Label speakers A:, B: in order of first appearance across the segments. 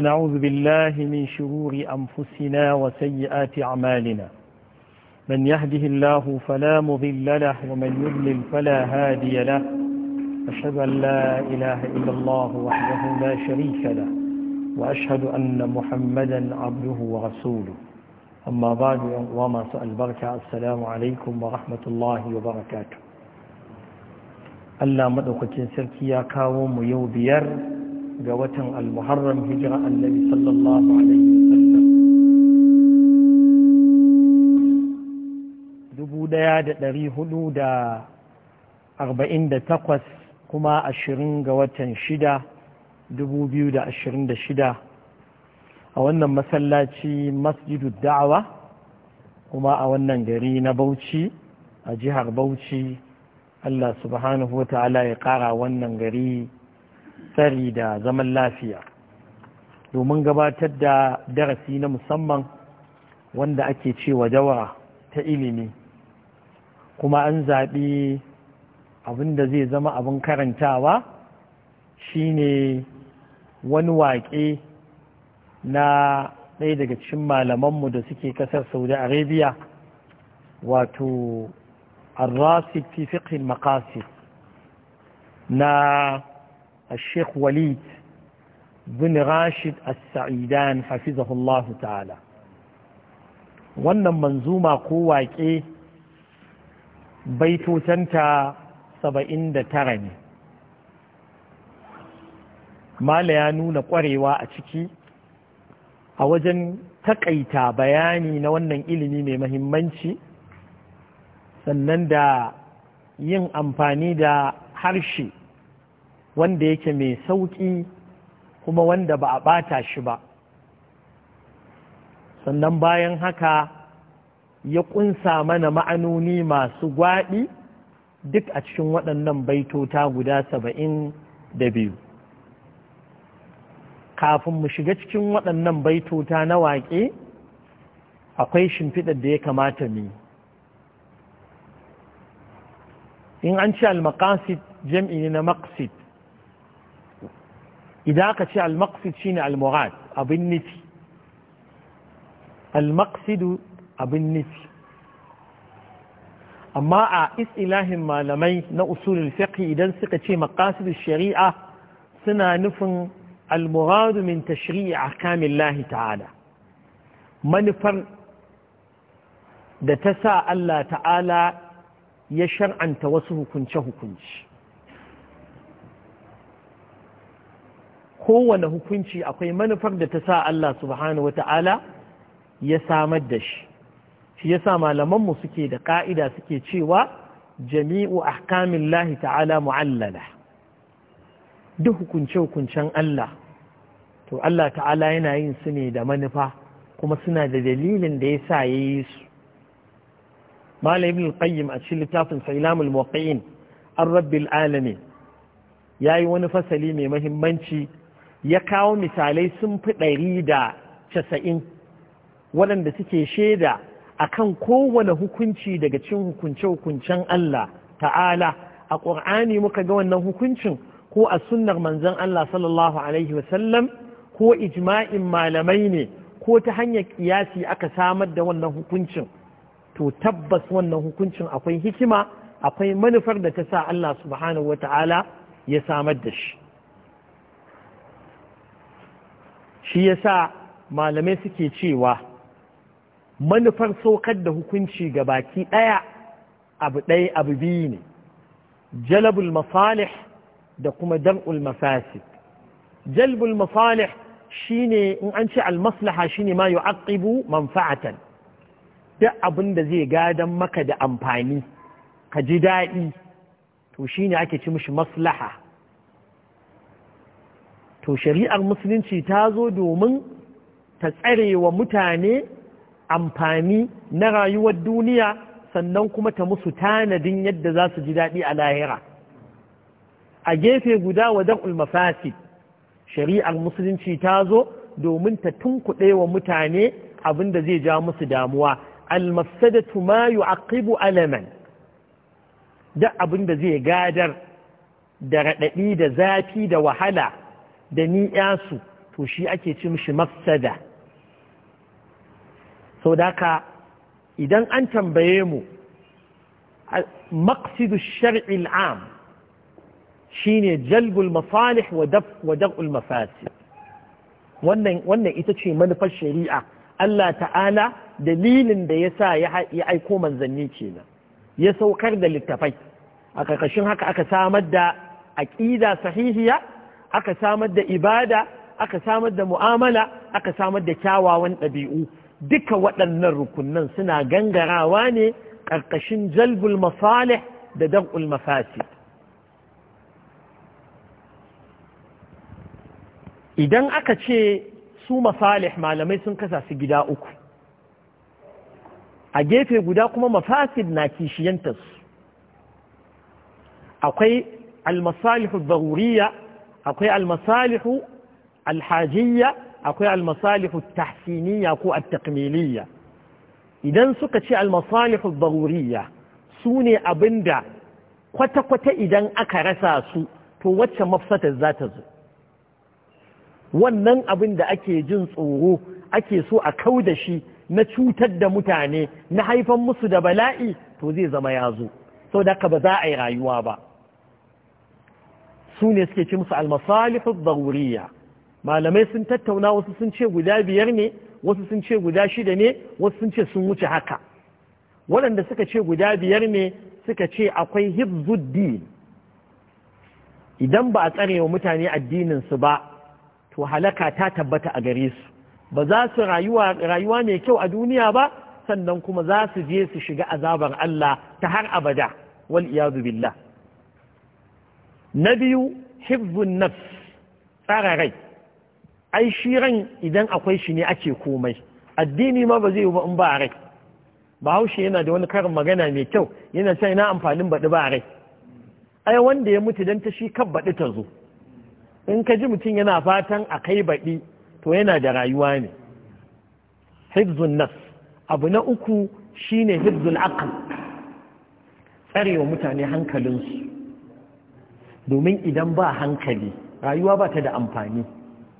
A: ونعوذ بالله من شرور أنفسنا وسيئات أعمالنا من يهده الله فلا مضل له ومن يضلل فلا هادي له أشهد أن لا إله إلا الله وحده لا شريك له وأشهد أن محمدا عبده ورسوله أما بعد وما سأل بركة السلام عليكم ورحمة الله وبركاته Allah maɗaukakin sarki يا كاوم mu ga watan al-muharram hijira annabi sallallahu alaihi wasallam dubu da dari hudu da arba'in da takwas kuma ashirin ga watan shida dubu biyu da ashirin da shida a wannan masallaci masjidu da'awa kuma a wannan gari na bauchi a jihar bauchi Allah subhanahu wa ta'ala ya ƙara wannan gari tsari da zaman lafiya domin gabatar da darasi na musamman wanda ake cewa dawa ta ilimi kuma an zaɓi abin da zai zama abin karantawa shine wani waƙe na ɗaya daga cikin malamanmu da suke ƙasar saudi arabia wato arrasi fi فقه na الشيخ وليد بن راشد السعيدان حفظه الله تعالى wannan manzuma ko waƙe baitotanta saba'in da tara ne mala ya nuna ƙwarewa a ciki a wajen takaita bayani na wannan ilimi mai mahimmanci sannan da yin amfani da harshe wanda yake mai sauƙi kuma wanda ba a ɓata shi ba sannan bayan haka ya ƙunsa mana ma'anoni masu gwaɗi duk a cikin waɗannan baitota guda saba'in da biyu kafin mu shiga cikin waɗannan baitota na waƙe akwai shimfiɗar da ya kamata mu in an ce al-maqasid jam'i na maqsid idan aka ce al-maqsid shine al-murad abin nufi al abin nufi amma a isilahin malamai na usulul fiqh idan suka ce maqasidu shari'a suna nufin al-murad min tashri'i ahkamillahi ta'ala manufar da ta sa Allah ta'ala ya shar'anta wasu hukunce-hukunci kowane hukunci akwai manufar da ta sa Allah subhanahu wa ta'ala ya samar da shi shi ya sa malamanmu suke da ƙa'ida suke cewa jami'u ahkamin lahi ta'ala mu'allala duk hukunce-hukuncen Allah to Allah ta'ala yana yin su ne da manufa kuma suna da dalilin da ya sa ya yi su malam ibn qayyim a cikin littafin sa'ilamul muwaqqi'in an rabbil alamin yayi wani fasali mai muhimmanci ya kawo misalai sun fi ɗari da casa'in waɗanda suke shaida a kan kowane hukunci daga cin hukunce-hukuncen Allah ta'ala a ƙur'ani muka ga wannan hukuncin ko a sunnar manzon Allah sallallahu alaihi wasallam ko ijma'in malamai ne ko ta hanyar kiyasi aka samar da wannan hukuncin to tabbas wannan hukuncin akwai hikima akwai manufar da ta sa Allah subhanahu wa ta'ala ya samar da shi shi yasa malamai suke cewa manufar saukar da hukunci ga baki ɗaya abu ɗaya abu biyu ne jalabul masalih da kuma Darul mafasid jalbul masalih shine in an ce almaslaha shine ma yu'aqibu manfa'atan duk abin da zai gadan maka da amfani ka ji daɗi to shine ake ci mashi maslaha to shari'ar musulunci ta zo domin ta tsare wa mutane amfani na rayuwar duniya sannan kuma ta musu tanadin yadda za su ji daɗi a lahira a gefe guda wajen ulmafasi shari'ar musulunci ta zo domin ta tunkuɗe wa mutane abin da zai ja musu damuwa almafsadatu ma yu'aqibu alaman duk abin da zai gadar da raɗaɗi da zafi da wahala da ni yasu to shi ake ci mishi mafsada sau daka idan an tambaye mu maqsidu shar'i al'am shine jalbul masalih wa daf'ul mafasi wannan wannan ita ce manufar shari'a Allah ta'ala dalilin da ya sa ya aiko manzanni kenan ya saukar da littafai a ƙarƙashin haka aka samar da aƙida sahihiya aka samar da ibada aka samar da mu'amala aka samar da kyawawan ɗabi'u duka waɗannan rukunan suna gangarawa ne ƙarƙashin jalbul masalih da dan'ul mafasid idan aka ce su masalih malamai sun kasa su gida uku a gefe guda kuma mafasid na kishiyantarsu akwai almasalihu daruriya akwai almasalihu alhajiyya akwai almasalihu tahsiniya ko at-takmiliyya idan suka ce almasalihu daruriyya su ne abinda kwata-kwata idan aka rasa su to wacce mafsatar za ta zo wannan abin da ake jin tsoro ake so a kau da shi na cutar da mutane na haifan musu da bala'i to zai zama ya zo sau da ka ba za a yi rayuwa ba su ne suke ci musu almasalihu daruriya malamai sun tattauna wasu sun ce guda biyar ne wasu sun ce guda shida ne wasu sun ce sun wuce haka waɗanda suka ce guda biyar ne suka ce akwai hibzuddin idan ba a tsare wa mutane addininsu ba to halaka ta tabbata a gare su ba za su rayuwa mai kyau a duniya ba sannan kuma za su je su shiga azabar Allah ta har abada wal billah na biyu hibzun nafs tsara rai ai shi ran idan akwai shi ne ake komai addini ma ba zai yi ba in ba rai bahaushe yana da wani karin magana mai kyau yana sai na amfanin baɗi ba rai ai wanda ya mutu dan ta shi kan baɗi ta zo in ka ji mutum yana fatan a kai baɗi to yana da rayuwa ne hibzun nafs abu na uku shine hibzun aql tsarewa mutane hankalinsu domin idan ba hankali rayuwa ba ta da amfani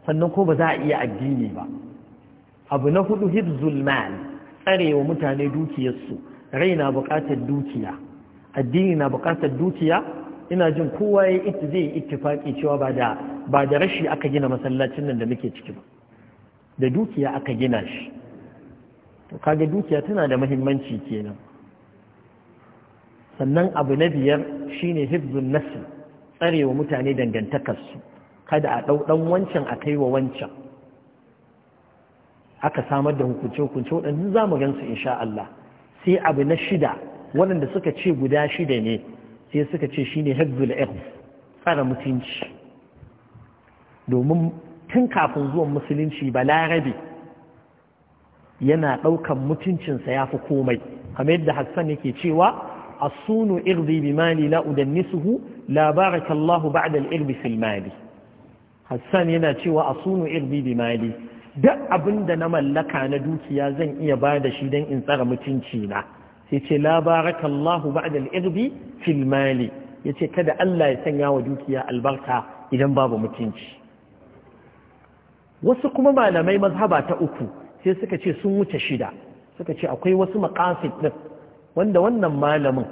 A: sannan ko ba za a iya addini ba abu na hudu hibzul mal tsarewa mutane dukiyarsu rai na bukatar dukiya addini na bukatar dukiya ina jin kowa ya yi zai yi ittifaki cewa ba da ba da rashi aka gina masallacin nan da muke ciki ba da dukiya aka gina shi to kaga dukiya tana da muhimmanci kenan sannan abu na biyar shine hibzun nasl Tsare wa mutane dangantakarsu kada a ɗauɗan wancan a kai wa wancan aka samar da hukunce-hukunce waɗanda za mu gansu insha Allah sai abu na shida waɗanda suka ce guda shida ne sai suka ce shi ne hezbollah irf tsara mutunci domin tun kafin zuwan musulunci balarabe yana ɗaukan mutuncinsa ya fi komai kamar yadda hassan yake cewa a asunu irzi bi mali Suhu, la baraka irbi fil Hassan yana cewa sunu irbi bi mali duk abinda na mallaka na dukiya zan iya bada shi dan in tsara mutunci na sai ce la baraka irbi fil yace kada Allah ya sanya wa dukiya albarka idan babu mutunci wasu kuma malamai mazhaba ta uku sai suka ce sun wuce shida suka ce akwai wasu maqasid din wanda wannan malamin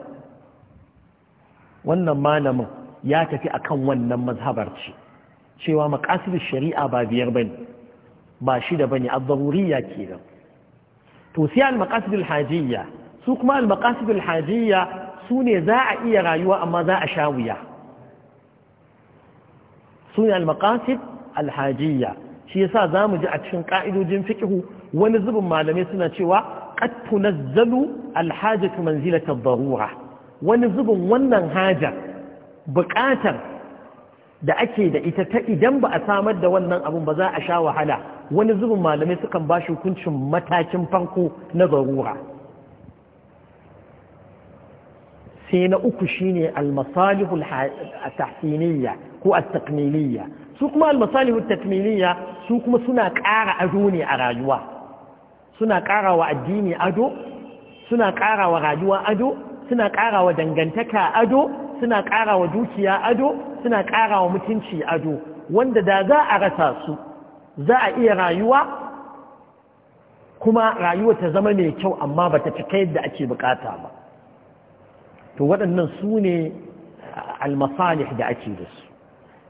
A: wannan malamin ya tafi akan wannan mazhabar ce cewa maqasid shari'a ba biyar bane ba shida bane ad-daruriyya kenan to sai al-maqasid al-hajiyya su kuma al-maqasid al-hajiyya sune za a iya rayuwa amma za a sha wuya sune al-maqasid al-hajiyya shi yasa zamu ji a cikin ka'idojin fiqh wani zubin malamai suna cewa qad tunazzalu al-hajatu manzilata ad-darurah wani zubin wannan hajar buƙatar da ake da ita ta idan ba a samar da wannan abun ba za a sha wahala wani zubin malamai sukan ba shi hukuncin matakin farko na zarura sai na uku shine almasalihul tahsiniyya ko at-takmiliyya su kuma almasalihul takmiliyya su kuma suna ƙara ado ne a rayuwa suna ƙara wa addini ado suna ƙara wa rayuwa ado suna ƙara wa dangantaka ado suna ƙara wa dukiya ado suna ƙara wa mutunci ado wanda da za a rasa su za a iya rayuwa kuma rayuwa ta zama mai kyau amma ba ta cika yadda ake bukata ba to waɗannan su ne almasalih da ake da su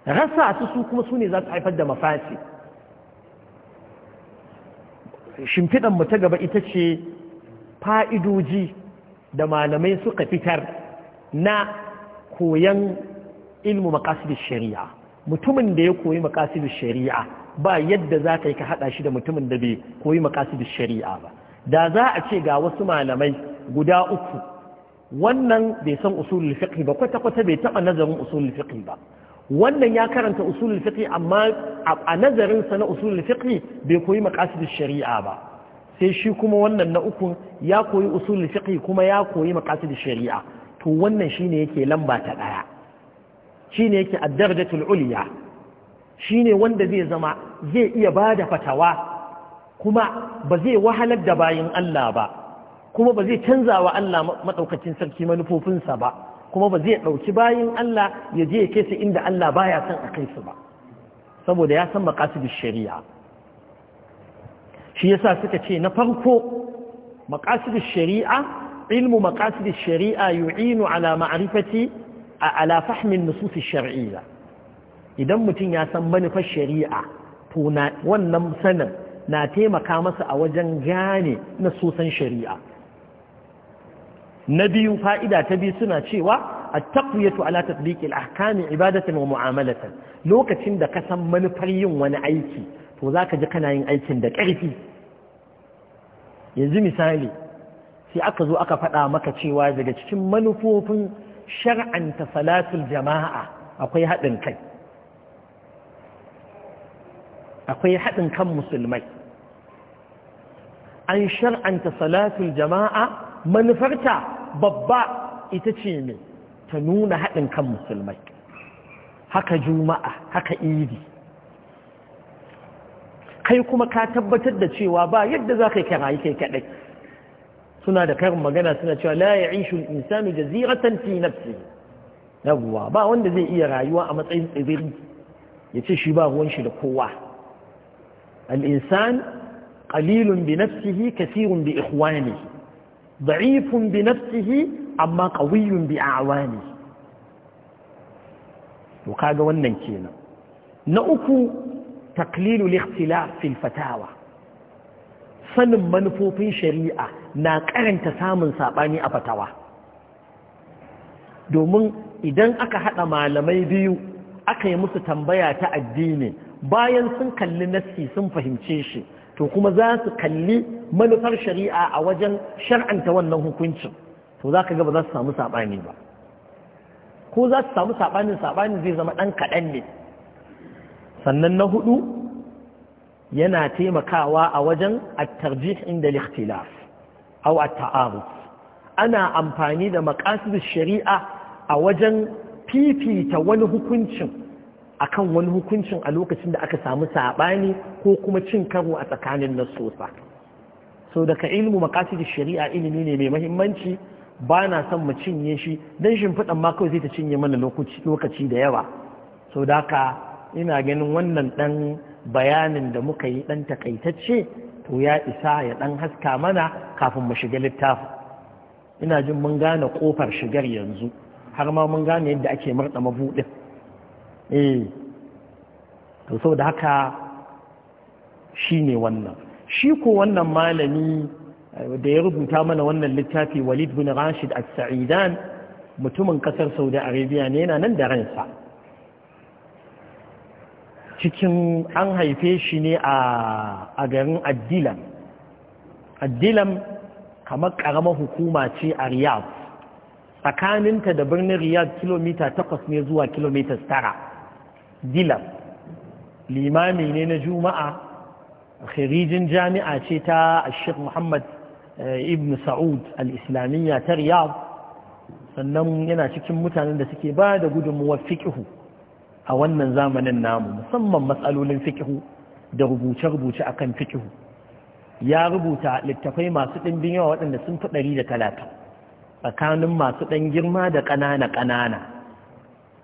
A: rasa su su kuma su ne za su haifar da mafasi shimfiɗan mu ta gaba ita ce fa'idoji da malamai suka fitar na koyan ilmu maqasid shari'a mutumin da ya koyi maqasid shari'a ba yadda za ka yi ka haɗa shi da mutumin da bai koyi maqasid shari'a ba da za a ce ga wasu malamai guda uku wannan bai san usulul fiqh ba kwata kwata bai taɓa nazarin usulul fiqh ba wannan ya karanta usulul fiqh amma a nazarinsa na usulul fiqh bai koyi maqasid shari'a ba sai shi kuma wannan na ukun ya koyi usul fiqh kuma ya koyi maqasid shari'a to wannan shine yake lamba ta daya shine yake ad-darajatul ulya shine wanda zai zama zai iya bada fatawa kuma ba zai wahalar da bayin Allah ba kuma ba zai canza wa Allah madaukakin sarki manufofinsa ba kuma ba zai dauki bayin Allah ya je ya kai su inda Allah baya son a kai su ba saboda ya san maqasid shari'a shi yasa suka ce na farko maqasid shari'a ilmu maqasid shari'a yu'inu ala ma'rifati ala fahmi an-nusus shariyya idan mutum ya san manufar shari'a to wannan sanin na taimaka masa a wajen gane nasusan shari'a na biyu fa'ida ta biyu suna cewa a taƙwiyatu ala tatbiƙil ahkami ibadatan wa mu'amalatan lokacin da ka san manufar yin wani aiki to za ka ji kana yin aikin da ƙarfi yanzu misali sai aka zo aka faɗa maka cewa daga cikin manufofin shar'anta salatul jama'a akwai haɗin kai akwai haɗin kan musulmai an shar'anta salatul jama'a manufarta babba ita ce ne ta nuna haɗin kan musulmai haka juma'a haka idi kai kuma ka tabbatar da cewa ba yadda za ka yi karayi kai kaɗai suna da karin magana suna cewa la ya ishu insanu jaziratan fi nafsi yawwa ba wanda zai iya rayuwa a matsayin tsibiri ya ce shi ba ruwan shi da kowa al-insan qalilun bi nafsihi kathirun bi ikhwanihi da'ifun bi nafsihi amma qawiyyun bi awani. to kaga wannan kenan na uku taklilu liktila fatawa sanin manufofin shari'a na karanta samun saɓani a fatawa domin idan aka haɗa malamai biyu aka yi musu tambaya ta addini bayan sun kalli nassi sun fahimce shi to kuma za su kalli manufar shari'a a wajen shar'anta wannan hukuncin to za ka ga ba za su samu saɓani ba ko za su samu sabanin saɓanin zai zama ɗan kaɗan ne sannan na hudu yana taimakawa a wajen at-tarjih inda al-ikhtilaf aw at taarud ana amfani da maqasid shari'a a wajen fifita wani hukuncin akan wani hukuncin a lokacin da aka samu sabani ko kuma cin karo a tsakanin nasosa so daga ilmu maqasid shari'a ilimi ne mai muhimmanci ba na son mu cinye shi dan fadan ma kawai zai ta cinye mana lokaci da yawa so da ina ganin wannan ɗan bayanin da muka yi ɗan takaitacce to ya isa ya ɗan haska mana kafin mu shiga littafi ina jin mun gane kofar shigar yanzu har ma mun gane yadda ake murɗa mabuɗin eh to saboda haka shi ne wannan shi ko wannan malami eh, da ya rubuta mana wannan littafi walid bin rashid as-sa'idan mutumin kasar saudi arabia ne yana nan da ransa cikin an haife shi ne a garin addilam addilam kamar ƙarama hukuma ce a riyadh tsakaninta da birnin riyad kilomita takwas ne zuwa kilomita tara dilam limami ne na juma'a khirijin jami'a ce ta ashir muhammad eh, ibn sa'ud al-islamiyya ta riyadh sannan yana cikin mutanen da suke ba da gudunmuwar fiƙihu a wannan zamanin namu musamman matsalolin fikihu da rubuce-rubuce akan fikihu ya rubuta littafai masu ɗimbin yawa waɗanda sun fi ɗari da talata tsakanin masu ɗan girma da ƙanana-ƙanana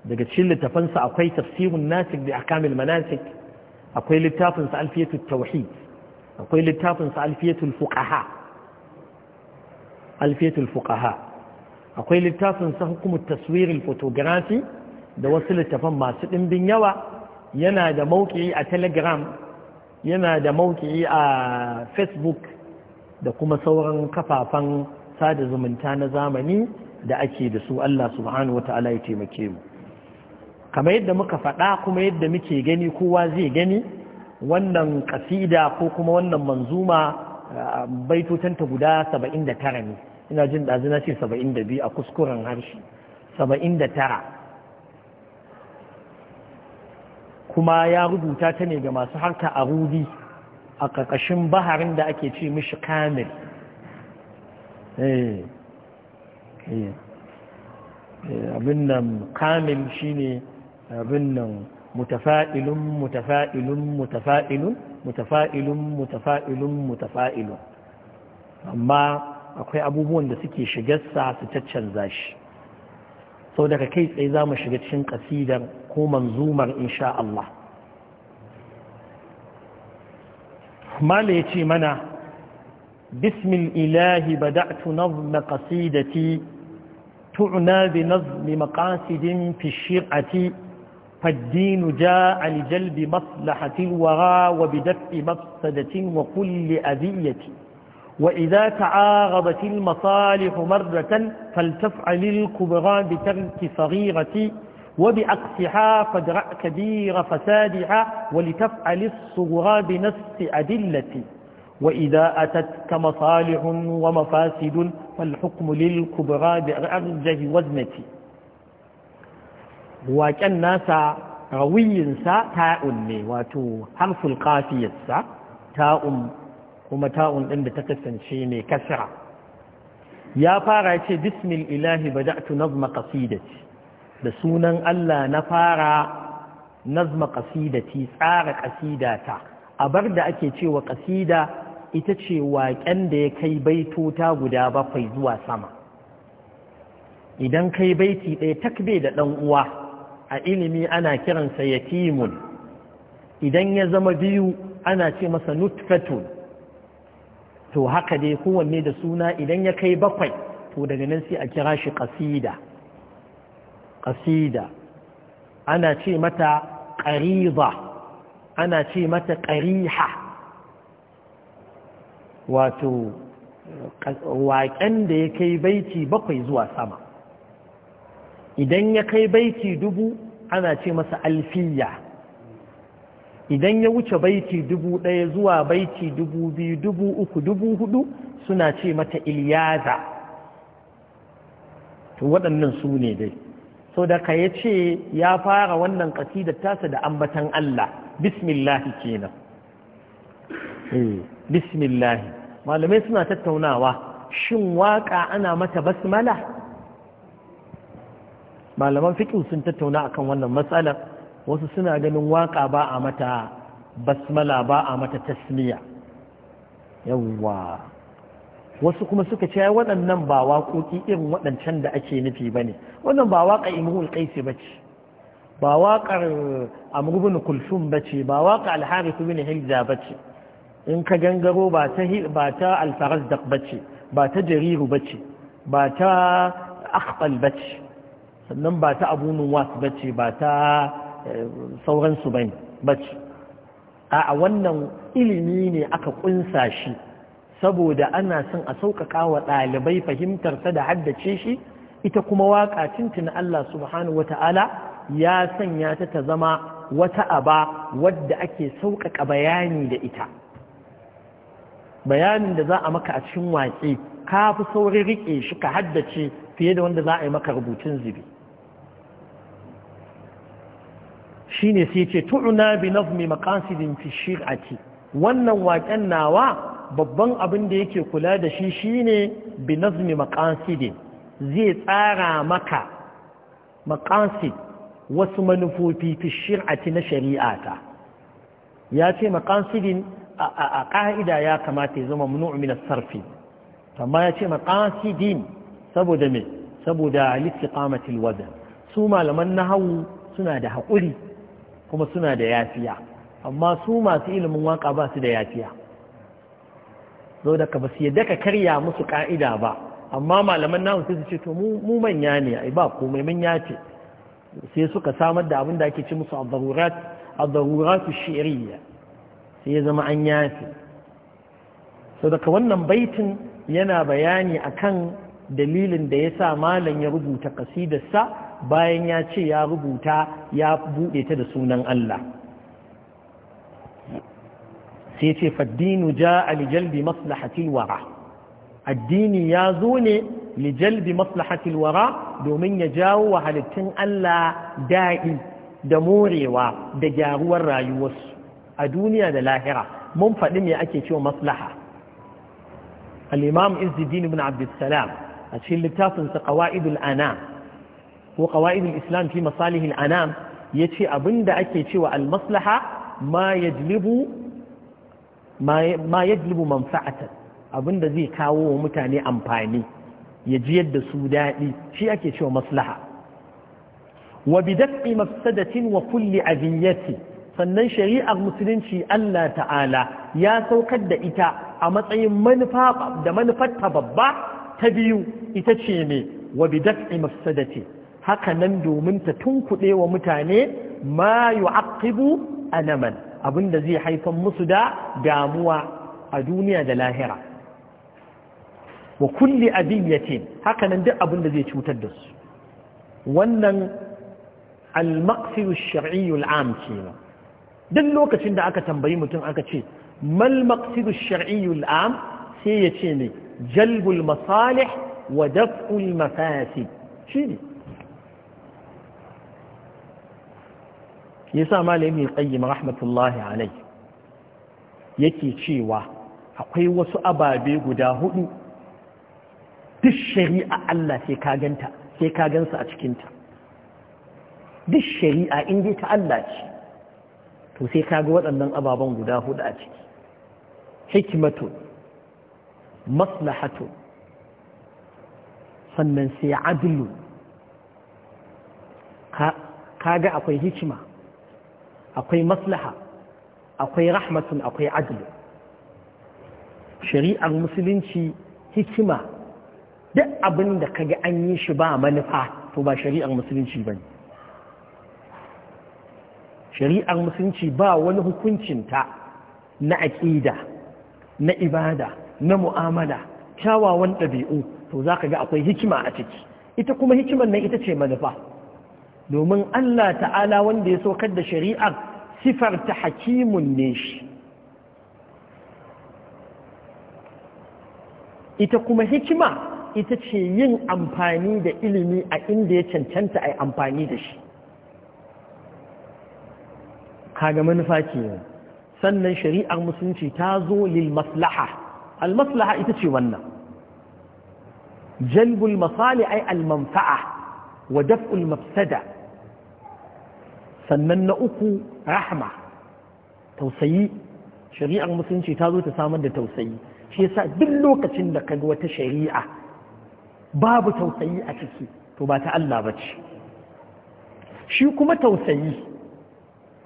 A: daga cikin littafansa akwai tafsirun nasik da akamil manasik akwai littafinsa alfiyatul tauhid akwai littafinsa alfiyatul fuqaha alfiyatul fuqaha akwai littafinsa hukumar taswirin photography da wasu littafan masu ɗimbin yawa yana da mauki a telegram yana da mauki a facebook da kuma sauran kafafen sada zumunta na zamani da ake da su Allah subhanahu ta'ala ya taimake mu kamar yadda muka faɗa kuma yadda muke gani kowa zai gani wannan kasida ko kuma wannan manzuma baitotanta guda 79 ne ina jin na ce 72 a kuskuren harshe 79 kuma ya rubuta ta ne ga masu harka a rubi a ƙarƙashin baharin da ake ce mishi kamil eh, eh, eh, abin nan kamil shi ne abin nan mutafa'ilun mutafa'ilun mutafa'ilun mutafa'ilun mutafa'ilun mutafa'ilun amma akwai abubuwan da suke shigarsa su caccanza zashi sau daga kai tsaye za mu shiga cikin kasidar ɗauko manzumar insha Allah mala ya ce mana bismin ilahi bada'tu nazma qasidati tu'na bi nazmi maqasidin fi shir'ati فالدين جاء لجلب مصلحة الورى وبدفع مفسدة وكل أذية وإذا تعاغضت المصالح مرة فلتفعل الكبرى بترك صغيرة وبعكسها رأى كبير فسادها ولتفعل الصغرى بنفس أدلة وإذا أتتك مصالح ومفاسد فالحكم للكبرى بأرجه وزنة وكان ناسا روي سا تاء واتو حرف القافية سا تاء kuma تاء إن da شيني كسرة يا فارعتي بسم الإله بدأت نظم قصيدتي da sunan Allah na fara nazma ƙasidati tsara ƙasidata a bar da ake cewa ƙasida ita ce waƙen da ya kai baitota guda bakwai zuwa sama idan kai baiti ɗaya takbe da ɗan uwa a ilimi ana kiransa yatimun idan ya zama biyu ana ce masa nutfatun to haka dai kowanne da suna idan ya kai bakwai to daga nan sai a kira shi ƙasida ƙasida ana ce mata ƙariba ana ce mata ƙariha wato waƙen da ya kai baiti bakwai zuwa sama idan ya kai baiti dubu ana ce masa alfiya idan ya wuce baiti dubu ɗaya zuwa baiti dubu biyu dubu uku dubu hudu suna ce mata iliyaza to waɗannan su ne dai so da ka ya ce ya fara wannan ƙasidar tasa da ambatan Allah bismillahi kenan eh, bismillahi malamai suna tattaunawa shin waƙa ana mata basmala malaman fiƙi sun tattauna akan wannan matsalar wasu suna ganin waƙa ba a mata basmala ba a mata tasmiya yawwa wasu kuma suka ce waɗannan ba waƙoƙi irin waɗancan da ake nufi ba ne wannan ba waƙa imrul qaisi ba ce ba waƙar amru bin kulsum ba ce ba waƙa alharith bin Hilda ba ce in ka gangaro ba ta ba ta alfarazdaq ba ce ba ta jariru ba ce ba ta akhtal ba ce sannan ba ta abu nuwas ba ce ba ta eh, sauransu ba ce a wannan ilimi ne aka ƙunsa shi saboda ana son a sauƙaƙa wa ɗalibai fahimtarsa da haddace shi ita kuma waƙa tuntun Allah subhanahu wata'ala ya sanya ta ta zama wata aba wadda ake sauƙaƙa bayani da ita bayanin da za a maka a cikin waƙe ka fi saurin riƙe shi ka haddace fiye da wanda za a yi maka rubutun zubi shine sai ce tu'una bi nazmi maqasidin fi shir'ati wannan waƙen nawa babban abin da yake kula da shi shine bi nazmi maqasidin zai tsara maka maqasid wasu manufofi fi shir'ati na shari'ata ya ce maqasidin a ƙa'ida ya kamata ya zama munu min sarfi amma ya ce maqasidin saboda me saboda listiqamatil wazn su malaman nahawu suna da haƙuri kuma suna da yafiya amma su masu ilimin waka ba su da yafiya zo da ka ba su yadda ka karya musu ƙa'ida ba amma malaman namu sai su ce to mu manya ne ai ba komai manya ce sai suka samar da abin da ake ci musu ad-darurat sai ya zama an yafi so daga wannan baitin yana bayani akan dalilin da ya sa malam ya rubuta kasidarsa bayan ya ce ya rubuta ya buɗe ta da sunan Allah sai ce faddinu ja a lijalbi maslahatil wara addini ya zo ne lijalbi maslahatil wara domin ya jawo wa halittun Allah da'i da morewa da gyaruwar rayuwarsu a duniya da lahira mun faɗi me ake cewa maslaha al-imam izzuddin ibn abdussalam a cikin littafinsa qawaidul anam ko qawaidul islam fi masalihil anam yace abinda ake cewa al-maslaha ma yajlibu ma yajlibu manfa'atan abin da zai kawo wa mutane amfani ya jiyar da su daɗi shi ake cewa maslaha wa bidaf'i mafsadatin wa kulli aziyati sannan shari'ar musulunci Allah ta'ala ya saukar da ita a matsayin manufa da manufarta babba ta biyu ita ce ne wa bidaf'i mafsadati haka nan domin ta tunkuɗe wa mutane ma yu'aqibu anaman abin da zai haifan musu da damuwa a duniya da lahira wa kulli adiyatin haka nan duk abin da zai cutar da su wannan al-maqsidu shar'iyyu al-am kenan duk lokacin da aka tambayi mutum aka ce mal maqsidu shar'iyyu al-am sai ya ce ne jalbul masalih wa daf'ul mafasid shine yasa malami qayyim rahmatullahi alai yake cewa akwai wasu ababe guda hudu duk shari'a Allah sai ka ganta sai ka gansa a cikin ta duk shari'a in dai ta Allah ce to sai ka ga waɗannan ababen guda hudu a ciki hikimatu maslahatu sannan sai adlu ka ga akwai hikima akwai maslaha akwai rahmatun akwai adlu shari'ar musulunci hikima duk abin da kaga an yi shi ba manufa to ba shari'ar musulunci ba ne shari'ar musulunci ba wani hukuncinta na aƙida na ibada na mu'amala kyawawan ɗabi'u to za ka ga akwai hikima a ciki ita kuma hikimar nan ita ce manufa domin Allah ta'ala wanda ya saukar da shari'ar sifar ta hakimun ne shi ita kuma hikima ita ce yin amfani da ilimi a inda ya cancanta a amfani da shi kaga manufa ke sannan shari'ar musulunci ta zo lil maslaha al maslaha ita ce wannan jalbul masali ay al manfa'a wa daf'ul mafsada sannan na uku rahma tausayi shari'ar musulunci ta zo ta samar da tausayi shi yasa duk lokacin da ka ga wata shari'a babu tausayi a ciki to ba ta Allah ba ce shi kuma tausayi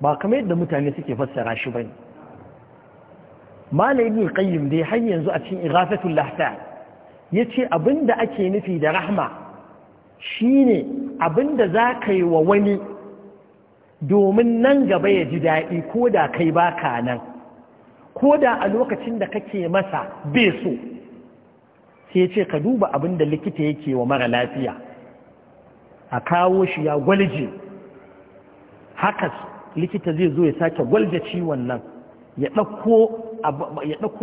A: ba kamar yadda mutane suke fassara shi bane ne. ibn qayyim dai har yanzu a cikin ighafatul lahsa yace abinda ake nufi da rahma shine abinda zaka yi wa wani domin nan gaba ya ji daɗi ko da kai ba ka nan ko da a lokacin da kake masa bai so sai ce ka duba abin da likita yake wa mara lafiya a kawo shi ya gwalje haka likita zai zo ya sake gwalje ciwon nan ya ɗauko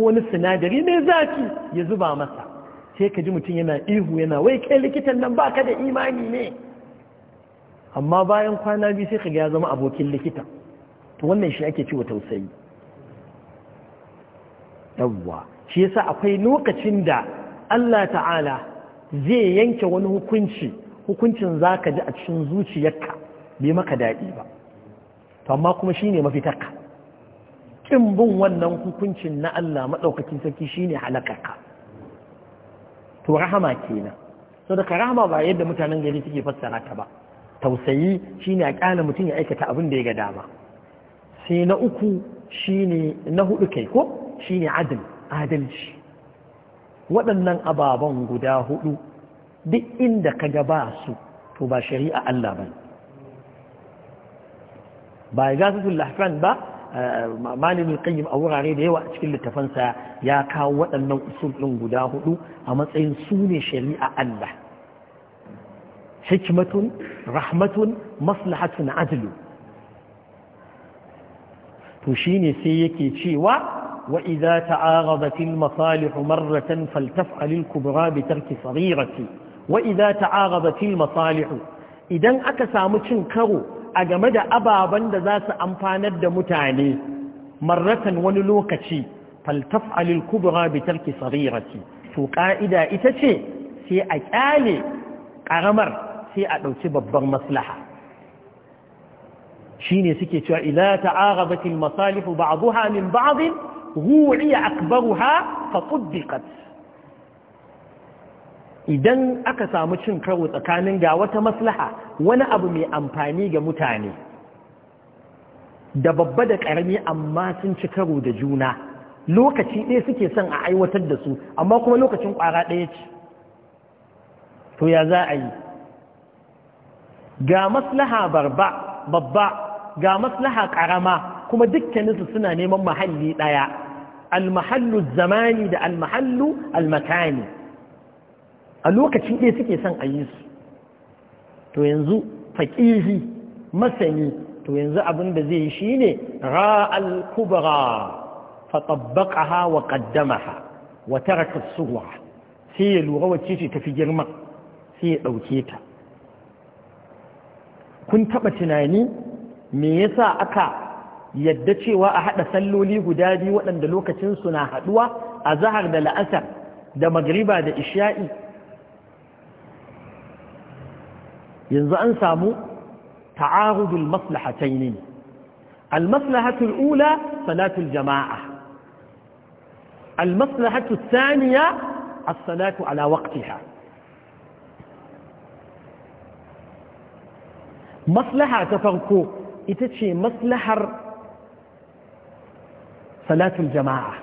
A: wani sinadari mai zafi ya zuba masa sai ka ji mutum yana ihu yana wai kai likitan nan baka da imani ne amma bayan kwana biyu sai kaga ya zama abokin likita to wannan shi ake cewa tausayi yawwa shi yasa akwai lokacin da Allah ta'ala zai yanke wani hukunci hukuncin zaka ji a cikin zuciyarka bai maka daɗi ba to amma kuma shine mafitarka kin bin wannan hukuncin na Allah madaukakin sarki shine halakarka to rahama kenan saboda rahama ba yadda mutanen gari suke fassara ta ba tausayi shine a kyala mutum ya aikata abin da ya ga dama sai na uku shine na hudu kai ko shine adil adalci waɗannan ababen guda hudu duk inda ka ga ba su to ba shari'a Allah ba ba ya gasu lahfan ba eh, malamin qayyim a wurare da yawa a cikin littafansa ya kawo waɗannan usul ɗin guda hudu a matsayin su ne shari'a Allah hikmatun rahmatun maslahatun adlu to shine sai yake cewa wa idza ta'aradat al masalih marratan faltaf'al al kubra bi tarki sarirati wa idza ta'aradat al idan aka samu cin karo a game da ababen da za su amfanar da mutane marratan wani lokaci faltaf'al al kubra bi tarki sarirati to ka'ida ita ce sai a ƙyale ƙaramar. sai a ɗauki babbar maslaha shine suke cewa idza ta'arabat al-masalih ba'daha min ba'd ru'iya akbaruha fa tuddiqat idan aka samu cin karo tsakanin ga wata maslaha wani abu mai amfani ga mutane da babba da karami amma sun ci karo da juna lokaci ɗaya suke son a aiwatar da su amma kuma lokacin ƙwara ɗaya ce to ya za a yi ga maslaha barba babba ga maslaha ƙarama kuma dukkaninsu suna neman mahalli ɗaya almahallu zamani da almahallu almakani a lokacin ɗaya suke son a yi su to yanzu faƙihi masani to yanzu abin da zai yi shi ne ra'al kubra فطبقها وقدمها وترك الصغرى sai ya lura wacce ce tafi girma sai ya ɗauke ta kun taba tunani me yasa aka yadda cewa a hada salloli guda biyu waɗanda lokacin su na haduwa a zahar da la'asar da magriba da isha'i yanzu an samu ta'arudul maslahatayn almaslahatul ula salatul jama'a الجماعة المصلحة as-salatu ala waqtiha maslaha ta farko ita ce maslahar salatul jama'a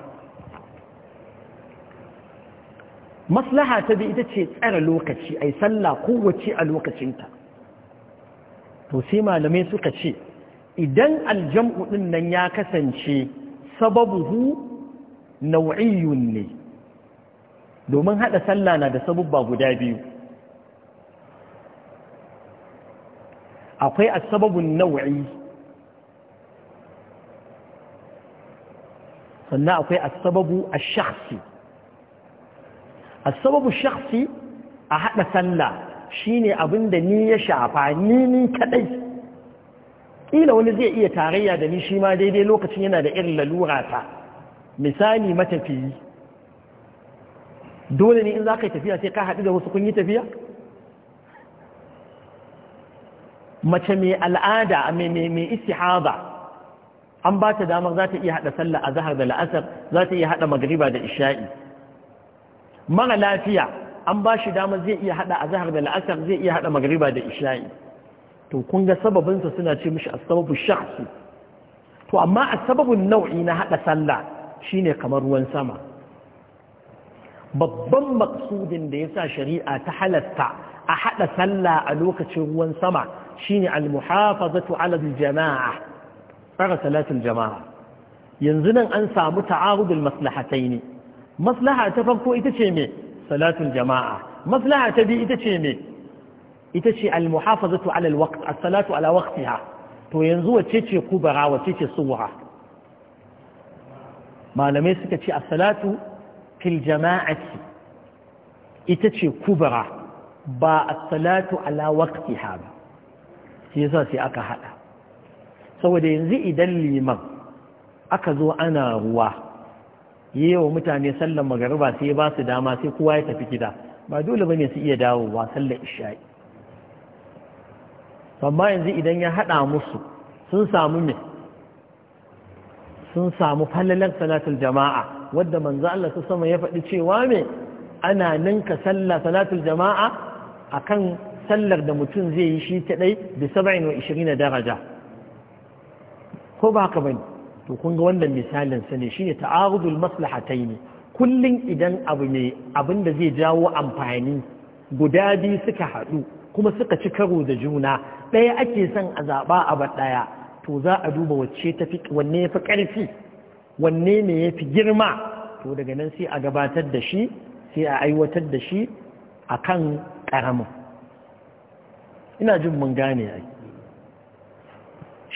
A: maslaha ta bi ita ce tsara lokaci ai sallah kowace a lokacinta to sai malamai suka ce idan aljam'u ɗinnan nan ya kasance sababuhu nau'iyun ne domin hada sallah na da sabubba guda biyu akwai asbabun nau'i sannan akwai a ash a sababu shakhsi a haɗa sallah shine abinda ni ya shafa ni ni kaɗai, kila wani zai iya tarayya da ni shi ma daidai lokacin yana da irin lalura ta misali matafiyi dole ne in za ka yi tafiya sai ka haɗu da wasu kun yi tafiya mace mai al'ada mai istihada an ba ta damar za ta iya haɗa sallah a zahar da la'asar za ta iya haɗa magariba da isha'i mara lafiya an ba shi damar zai iya haɗa a zahar da la'asar zai iya haɗa magariba da isha'i to kun ga sababinsa suna ce mishi sababu shakhsi to amma sababin nau'i na haɗa sallah shine kamar ruwan sama babban maksudin da ya sa shari'a ta halatta a haɗa sallah a lokacin ruwan sama shine al-muhafazatu ala al-jama'a tsara salatul jama'a yanzu nan an samu ta'arudul maslahataini maslaha ta farko ita ce me salatul jama'a maslaha ta biyu ita ce me ita ce al-muhafazatu ala al-waqt as-salatu ala waqtiha to yanzu wace ce kubara wace ce suwa malamai suka ce as-salatu fil jama'ati ita ce kubara ba as-salatu ala waqtiha ba shi yasa sai aka haɗa saboda yanzu idan liman aka zo ana ruwa yi wa mutane sallar magariba sai ba su dama sai kowa ya tafi gida ba dole bane su iya dawowa sallar isha'i amma yanzu idan ya haɗa musu sun samu ne sun samu fallalar salatul jama'a wadda manzo Allah su sama ya faɗi cewa me ana ninka sallah salatul jama'a akan sallar da mutum zai yi shi kadai bi 27 daraja ko ba haka bane to kun ga wannan misalin sa ne shine ta'arudul maslahatayn kullun idan abu ne abin da zai jawo amfani guda biyu suka haɗu kuma suka ci karo da juna ɗaya ake son a zaɓa a ɗaya to za a duba wacce ta fi wanne ya fi ƙarfi wanne ne ya fi girma to daga nan sai a gabatar da shi sai a aiwatar da shi a kan ƙaramin ina jin mun gane ai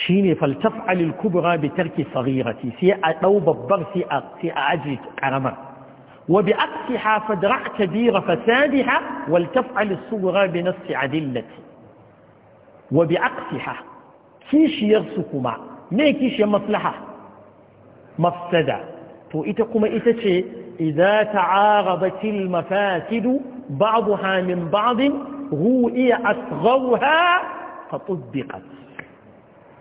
A: shine faltaf'al al-kubra bi tarki saghirati sai a dau babbar sai a sai a aji karamar wa bi aksiha fadra' kabira fasadiha wal taf'al al sughra bi nass adillati wa bi aksiha kishiyar su kuma me kishiyar maslaha mafsada to ita kuma ita ce idza al-mafasid ba'daha min ba'd ru'iya أصغوها فطبقت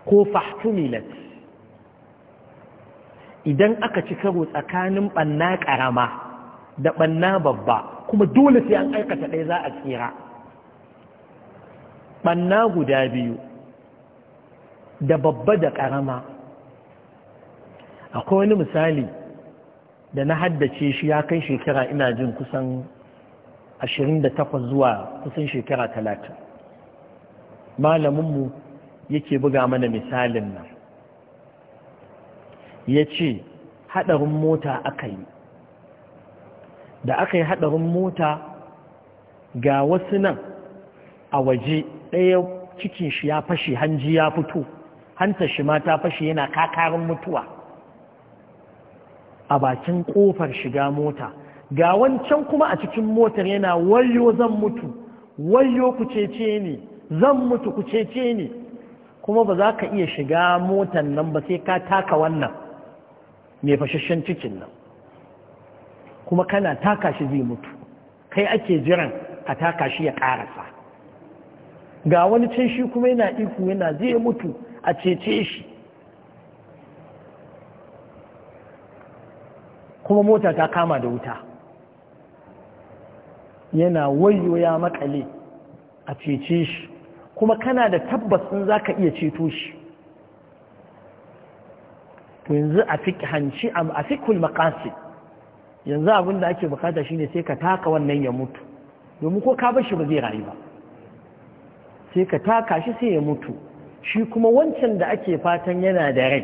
A: ko fahtumilat idan aka ci karo tsakanin banna karama da banna babba kuma dole sai an aikata ɗaya za a tsira banna guda biyu da babba da karama akwai wani misali da na haddace shi ya kai shekara ina jin kusan Ashirin da takwas zuwa kusan shekara talatin malaminmu yake buga mana misalin nan ya ce haɗarin mota aka yi da aka yi haɗarin mota ga wasu nan a waje ɗaya cikin shi ya fashe hanji ya fito hantar shi ma ta fashe yana kakarin mutuwa a bakin ƙofar shiga mota ga wancan kuma a cikin motar yana wayo zan mutu wayo ku cece ni zan mutu ku cece ni kuma ba za ka iya shiga motar nan ba sai ka taka wannan mai fashashen cikin nan kuma kana taka shi zai mutu kai ake jiran a taka shi ya karasa ga wani can shi kuma yana iku yana zai mutu a cece shi kuma mota ta kama da wuta yana wayo ya makale a cece shi kuma kana da tabbasin za ka iya ceto shi to yanzu a hanci a yanzu abinda ake bukata shine sai ka taka wannan ya mutu domin ko ka bashi ba zai rayu ba sai ka taka shi sai ya mutu shi kuma wancan da ake fatan yana da rai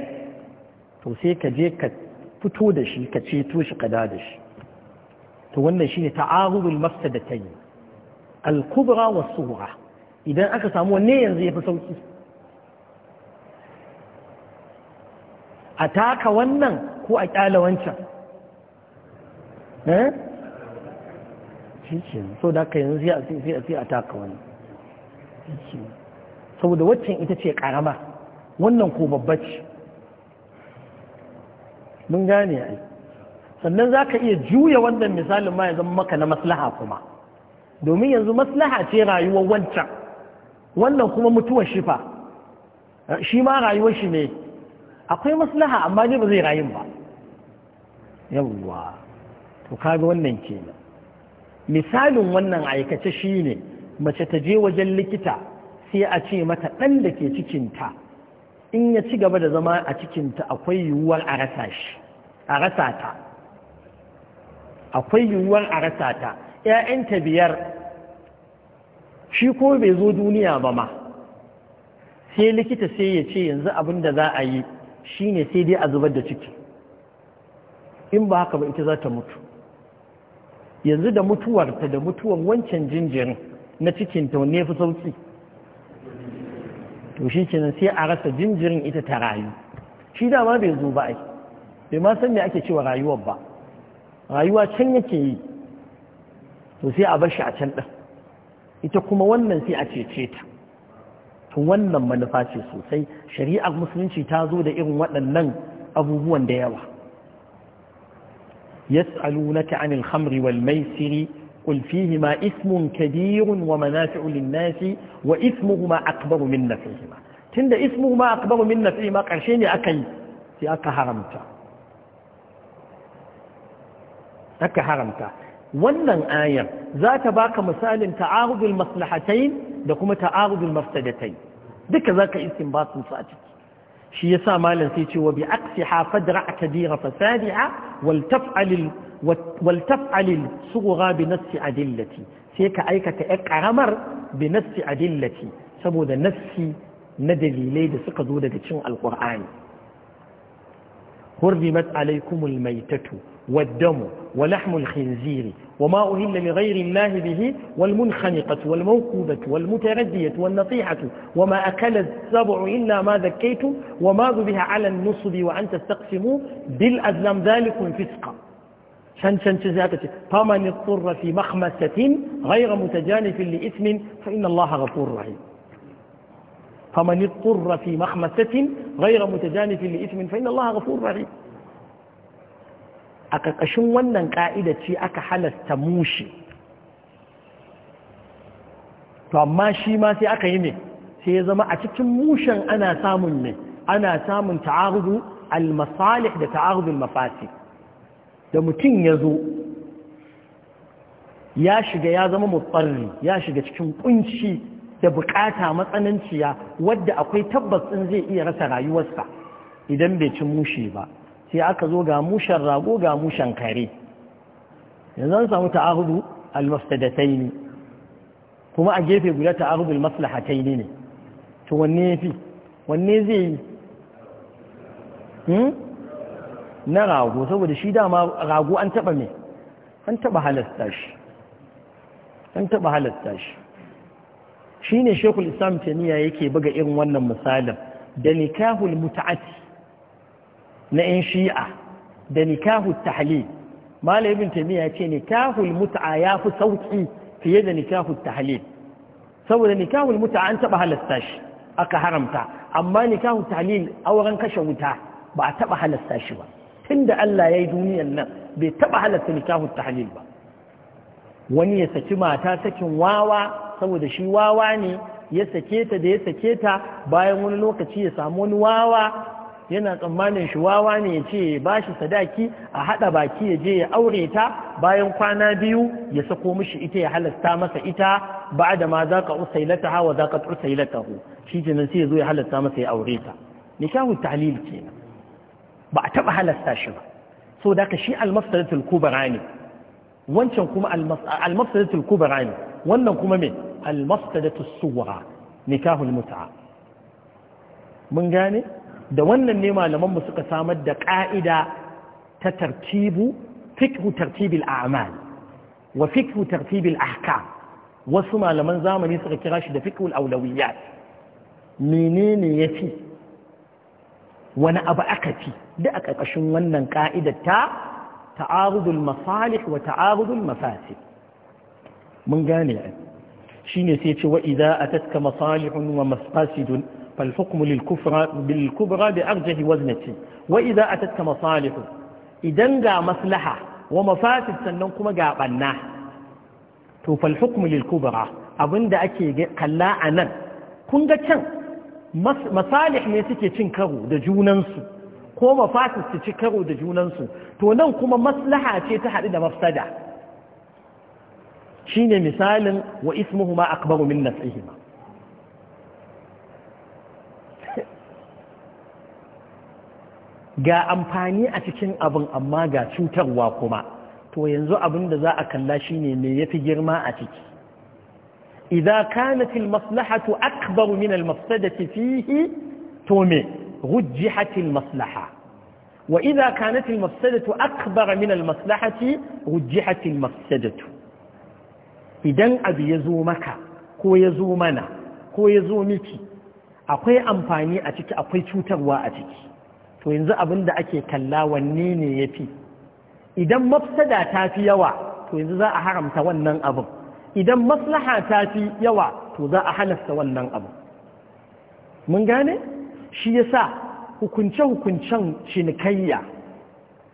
A: to sai ka je ka fito da shi ka ceto shi ka da shi to wannan shine ta'arudul mafsadatayn al-kubra was-sughra idan aka samu wanne yanzu yafi sauki a taka wannan ko a kyala wancan eh shi so da kai yanzu sai a taka wannan saboda waccan ita ce karama wannan ko babba ce mun gane ai sannan za ka iya juya wannan misalin ma ya zama maka na maslaha kuma domin yanzu maslaha ce rayuwar wancan wannan kuma mutuwar shifa shi ma rayuwar shi ne akwai maslaha amma ne ba zai rayun ba yawwa to kaga wannan kenan misalin wannan aikace shine mace ta je wajen likita sai a ce mata ɗan da ke cikinta in ya ci gaba da zama a cikinta akwai yiwuwar a rasa ta akwai yiwuwar a rasa ta ‘ya'yanta biyar shi ko bai zo duniya ba ma sai likita sai ya ce yanzu abin da za a yi shi ne sai dai a zubar da ciki in ba haka ba ita za ta mutu yanzu da mutuwarta da mutuwar wancan jinjirin na ta wanne fi sauki to shi kenan sai a rasa jinjirin ita ta rayu shi dama bai zo ba ai bai ma san me ake cewa rayuwar ba rayuwa can yake yi to sai a shi a can ɗin ita kuma wannan sai a cece ta to wannan manufa ce sosai shari'ar musulunci ta zo da irin waɗannan abubuwan da yawa yas'alunaka 'anil khamri wal maisiri قل فيهما اسم كبير ومنافع للناس واسمهما أكبر من نفعهما تند اسمهما أكبر من نفعهما قرشين أكي في أكا هرمتا aka haramta wannan ayar za ta baka misalin ta'arudul maslahatai da kuma ta'arudul mafsadatai duka zaka isin su a ciki shi yasa malam sai ce wa bi aksi fadra kadira fasadiha wal taf'al wal taf'al bi nafsi adillati sai ka aikata yar karamar bi nafsi adillati saboda nassi na dalilai da suka zo daga cin alqur'ani hurrimat alaykumul maytatu والدم ولحم الخنزير وما أهل لغير الله به والمنخنقة والموكوبة والمتردية والنطيحة وما أكل السبع إلا ما ذكيتم وما ذبه على النصب وأن تستقسموا بالأزلام ذلك فسقا شن شن فمن اضطر في مخمسة غير متجانف لإثم فإن الله غفور رحيم فمن اضطر في مخمسة غير متجانف لإثم فإن الله غفور رحيم a ƙarƙashin wannan ƙa'ida ce aka halasta mushi to amma shi ma sai aka yi ne sai ya zama a cikin mushen ana samun ne ana samun ta'arudu al-masalih da al mafasi da mutum ya zo ya shiga ya zama mutsarri ya shiga cikin kunci da bukata matsananciya wadda akwai tabbas zai iya rasa rayuwarsa idan bai ci mushi ba sai aka zo ga mushen rago ga mushen kare yanzu an samu ta'ahudu almafsadatai ne kuma a gefe guda ta'ahudu almaslahatai ne to wanne ya fi wanne zai yi hmm? na rago saboda shi dama rago an taba me an taba halasta shi an taba halasta shi shine shekul islam taniya yake buga irin wannan misalin da nikahul muta'ati na 'yan shi'a da nikahu tahlil mala ibn ya ce nikahul mut'a ya fi sauki fiye da nikahu tahlil saboda nikahul mut'a an taɓa halasta shi aka haramta amma nikahu tahlil auren kashe wuta ba a taba halasta shi ba tunda Allah ya yi duniyar nan bai taba halasta nikahun tahlil ba wani ya saki mata sakin wawa saboda shi wawa ne ya sake ta da ya sake ta bayan wani lokaci ya samu wani wawa yana tsammanin shi wawa ne ya ce ba shi sadaki a haɗa baki ya je ya aure ta bayan kwana biyu ya sako mishi ita ya halasta masa ita ba da ma za ka usailata hawa za ka tsursailata hu shi jinin sai ya zo ya halasta masa ya aure ta nikahu tahlil kenan ba a taɓa halasta shi ba so da ka shi almafsadatul kubra ne wancan kuma almafsadatul kubra ne wannan kuma me almafsadatul suwara nikahul mut'a mun gane da wannan ne malamanmu suka samar da ƙa'ida ta tartibu fikhu tartibil a'mal wa fikhu tartibil ahkam wasu malaman zamani suka kira shi da fikhul aulawiyat menene yafi wani abu aka fi da a ƙarƙashin wannan ƙa'idar ta ta'arudul masalih wa ta'arudul mafasid mun gane shi ne sai ce wa idza atatka masalihun wa mafasidun فالحكم للكفر بالكبرى بأرجح وزنة وإذا أتتك مصالح إذا جاء مصلحة ومفاسد سننكم جاء بناه فالحكم للكبرى abin da ake kalla a nan kun ga can masalih ne suke cin karo da junansu ko mafasis su karo da junansu to nan kuma maslaha ce ta haɗu da mafsada shine misalin wa ismuhuma akbaru min nasihima ga amfani a cikin abin amma ga cutarwa kuma to yanzu abin da za a kalla shine me yafi girma a ciki idza kanatil maslahatu akbar min al mafsadati fihi to me rujjihatil maslaha wa idza kanatil mafsadatu akbar min al maslahati rujjihatil mafsadatu idan abu yazo maka ko yazo mana ko yazo miki akwai amfani a ciki akwai cutarwa a ciki to yanzu abin da ake kalla wanne ne ya fi idan mafsada ta fi yawa to yanzu za a haramta wannan abin idan maslaha ta fi yawa to za a halasta wannan abin mun gane shi yasa hukunce-hukuncen cinikayya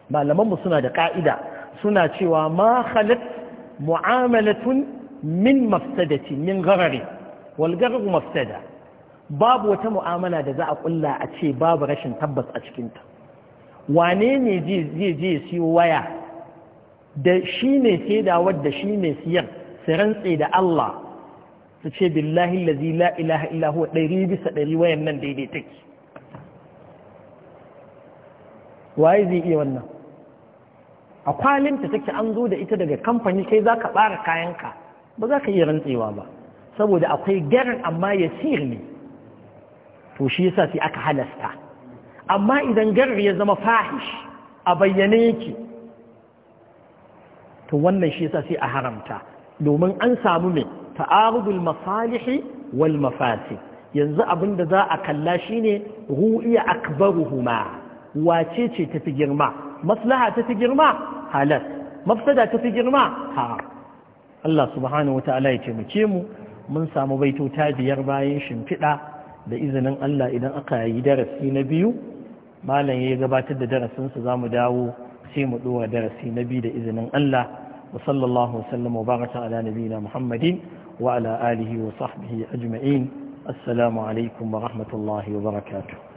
A: malamanmu suna da ƙa'ida suna cewa ma halat mu'amalatun min mafsadati min garari walgarar mafsada babu wata mu'amala da za a kulla a ce babu rashin tabbas a cikinta wane ne zai je siyo waya da shi ne saidawar da shi ne siyar su rantse da Allah su ce billahi lazi la ilaha illahu ɗari bisa ɗari wayan nan daidai take waye zai iya wannan a kwalinta take an zo da ita daga kamfani kai za ka ɓara kayanka ba za ka iya rantsewa ba saboda akwai garin amma ya ne to shi yasa sai aka halasta amma idan garri ya zama fahish a bayyane yake to wannan shi yasa sai a haramta domin an samu mai ta'arudul masalihi wal mafasi yanzu abin da za a kalla shine ru'iya akbaruhuma wace ce tafi girma maslaha tafi girma halas mafsada tafi girma Ha Allah subhanahu wa ta'ala ya ce mu ce mu mun samu baito ta biyar bayan shimfiɗa da izinin Allah idan aka yi darasi na biyu malam ya gabatar da darasin za zamu dawo sai mu ɗora darasi na biyu da izinin Allah wa sallallahu wasallam wa baraka ala nabiyina Muhammadin wa ala alihi wa sahbihi ajma'in assalamu alaikum wa rahmatullahi wa barakatuh